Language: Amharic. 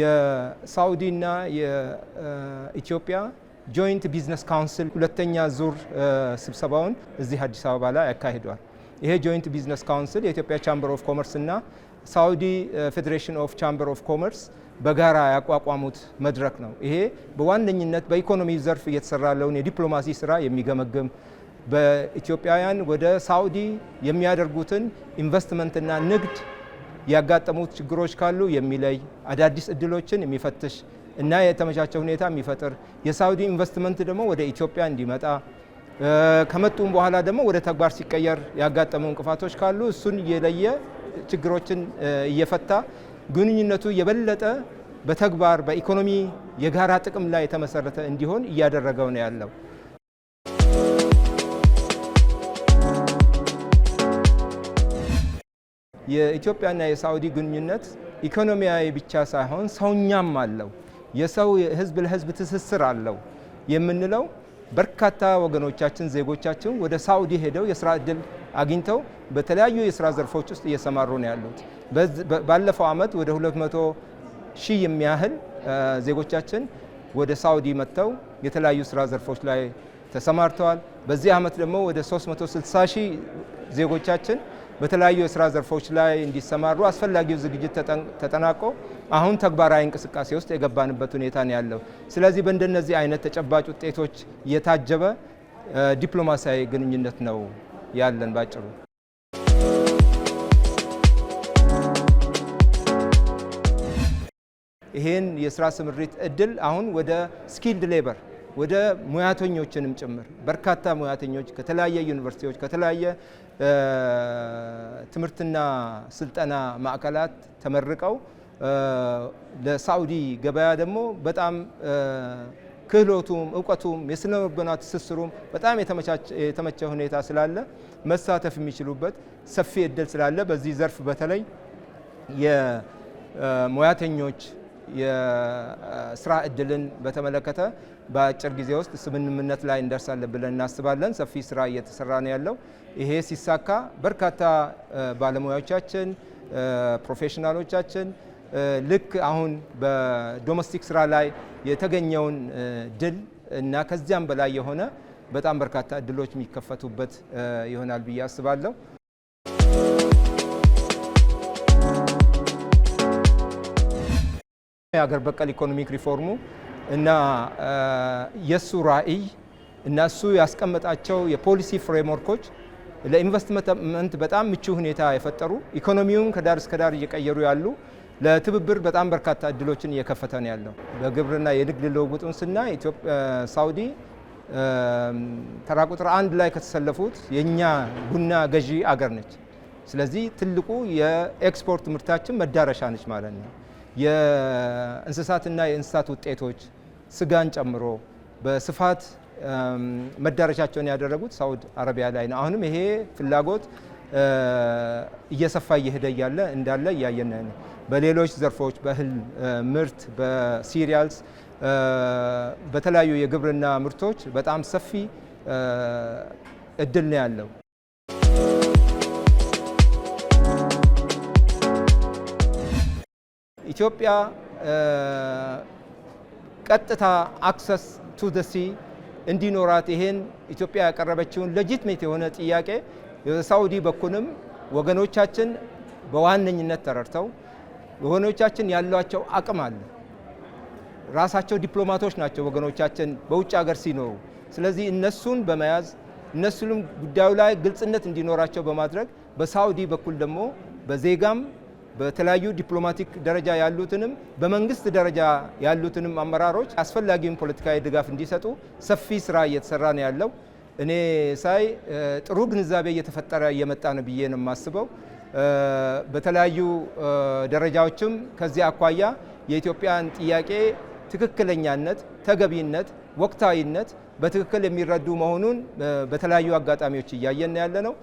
የሳውዲና የኢትዮጵያ ጆይንት ቢዝነስ ካውንስል ሁለተኛ ዙር ስብሰባውን እዚህ አዲስ አበባ ላይ ያካሂዷል። ይሄ ጆይንት ቢዝነስ ካውንስል የኢትዮጵያ ቻምበር ኦፍ ኮመርስ እና ሳዑዲ ፌዴሬሽን ኦፍ ቻምበር ኦፍ ኮመርስ በጋራ ያቋቋሙት መድረክ ነው። ይሄ በዋነኝነት በኢኮኖሚ ዘርፍ እየተሰራ ያለውን የዲፕሎማሲ ስራ የሚገመግም በኢትዮጵያውያን ወደ ሳውዲ የሚያደርጉትን ኢንቨስትመንትና ንግድ ያጋጠሙት ችግሮች ካሉ የሚለይ አዳዲስ እድሎችን የሚፈትሽ እና የተመቻቸ ሁኔታ የሚፈጥር የሳውዲ ኢንቨስትመንት ደግሞ ወደ ኢትዮጵያ እንዲመጣ ከመጡም በኋላ ደግሞ ወደ ተግባር ሲቀየር ያጋጠሙ እንቅፋቶች ካሉ እሱን እየለየ ችግሮችን እየፈታ ግንኙነቱ የበለጠ በተግባር በኢኮኖሚ የጋራ ጥቅም ላይ የተመሰረተ እንዲሆን እያደረገው ነው ያለው። የኢትዮጵያና የሳዑዲ ግንኙነት ኢኮኖሚያዊ ብቻ ሳይሆን ሰውኛም አለው። የሰው ህዝብ ለህዝብ ትስስር አለው የምንለው በርካታ ወገኖቻችን ዜጎቻችን ወደ ሳዑዲ ሄደው የስራ እድል አግኝተው በተለያዩ የስራ ዘርፎች ውስጥ እየሰማሩ ነው ያሉት። ባለፈው ዓመት ወደ 200 ሺህ የሚያህል ዜጎቻችን ወደ ሳዑዲ መጥተው የተለያዩ ስራ ዘርፎች ላይ ተሰማርተዋል። በዚህ አመት ደግሞ ወደ 360 ሺህ ዜጎቻችን በተለያዩ የስራ ዘርፎች ላይ እንዲሰማሩ አስፈላጊው ዝግጅት ተጠናቆ አሁን ተግባራዊ እንቅስቃሴ ውስጥ የገባንበት ሁኔታ ነው ያለው። ስለዚህ በእንደነዚህ አይነት ተጨባጭ ውጤቶች የታጀበ ዲፕሎማሲያዊ ግንኙነት ነው ያለን ባጭሩ። ይህን የስራ ስምሪት እድል አሁን ወደ ስኪልድ ሌበር ወደ ሙያተኞችንም ጭምር በርካታ ሙያተኞች ከተለያየ ዩኒቨርሲቲዎች ከተለያየ ትምህርትና ስልጠና ማዕከላት ተመርቀው ለሳዑዲ ገበያ ደግሞ በጣም ክህሎቱም እውቀቱም የስነ ልቦና ትስስሩም በጣም የተመቸ ሁኔታ ስላለ መሳተፍ የሚችሉበት ሰፊ እድል ስላለ በዚህ ዘርፍ በተለይ የሙያተኞች የስራ እድልን በተመለከተ በአጭር ጊዜ ውስጥ ስምምነት ላይ እንደርሳለን ብለን እናስባለን። ሰፊ ስራ እየተሰራ ነው ያለው። ይሄ ሲሳካ በርካታ ባለሙያዎቻችን፣ ፕሮፌሽናሎቻችን ልክ አሁን በዶሜስቲክ ስራ ላይ የተገኘውን ድል እና ከዚያም በላይ የሆነ በጣም በርካታ እድሎች የሚከፈቱበት ይሆናል ብዬ አስባለሁ። የሀገር በቀል ኢኮኖሚክ ሪፎርሙ እና የእሱ ራዕይ እና እሱ ያስቀመጣቸው የፖሊሲ ፍሬምወርኮች ለኢንቨስትመንት በጣም ምቹ ሁኔታ የፈጠሩ ኢኮኖሚውን ከዳር እስከ ዳር እየቀየሩ ያሉ ለትብብር በጣም በርካታ እድሎችን እየከፈተ ነው ያለው። በግብርና የንግድ ልውውጡን ስና ሳውዲ ተራ ቁጥር አንድ ላይ ከተሰለፉት የእኛ ቡና ገዢ አገር ነች። ስለዚህ ትልቁ የኤክስፖርት ምርታችን መዳረሻ ነች ማለት ነው። የእንስሳትና የእንስሳት ውጤቶች ስጋን ጨምሮ በስፋት መዳረሻቸውን ያደረጉት ሳውድ አረቢያ ላይ ነው። አሁንም ይሄ ፍላጎት እየሰፋ እየሄደ እያለ እንዳለ እያየን ነው። በሌሎች ዘርፎች በእህል ምርት፣ በሲሪያልስ፣ በተለያዩ የግብርና ምርቶች በጣም ሰፊ እድል ነው ያለው። ኢትዮጵያ ቀጥታ አክሰስ ቱ ዘ ሲ እንዲኖራት ይሄን ኢትዮጵያ ያቀረበችውን ሌጂትሜት የሆነ ጥያቄ የሳውዲ በኩልም ወገኖቻችን በዋነኝነት ተረድተው ወገኖቻችን ያሏቸው አቅም አለ። ራሳቸው ዲፕሎማቶች ናቸው ወገኖቻችን በውጭ ሀገር ሲኖሩ። ስለዚህ እነሱን በመያዝ እነሱንም ጉዳዩ ላይ ግልጽነት እንዲኖራቸው በማድረግ በሳውዲ በኩል ደግሞ በዜጋም በተለያዩ ዲፕሎማቲክ ደረጃ ያሉትንም በመንግስት ደረጃ ያሉትንም አመራሮች አስፈላጊውን ፖለቲካዊ ድጋፍ እንዲሰጡ ሰፊ ስራ እየተሰራ ነው ያለው። እኔ ሳይ ጥሩ ግንዛቤ እየተፈጠረ እየመጣ ነው ብዬ ነው የማስበው። በተለያዩ ደረጃዎችም ከዚህ አኳያ የኢትዮጵያን ጥያቄ ትክክለኛነት፣ ተገቢነት፣ ወቅታዊነት በትክክል የሚረዱ መሆኑን በተለያዩ አጋጣሚዎች እያየን ያለ ነው።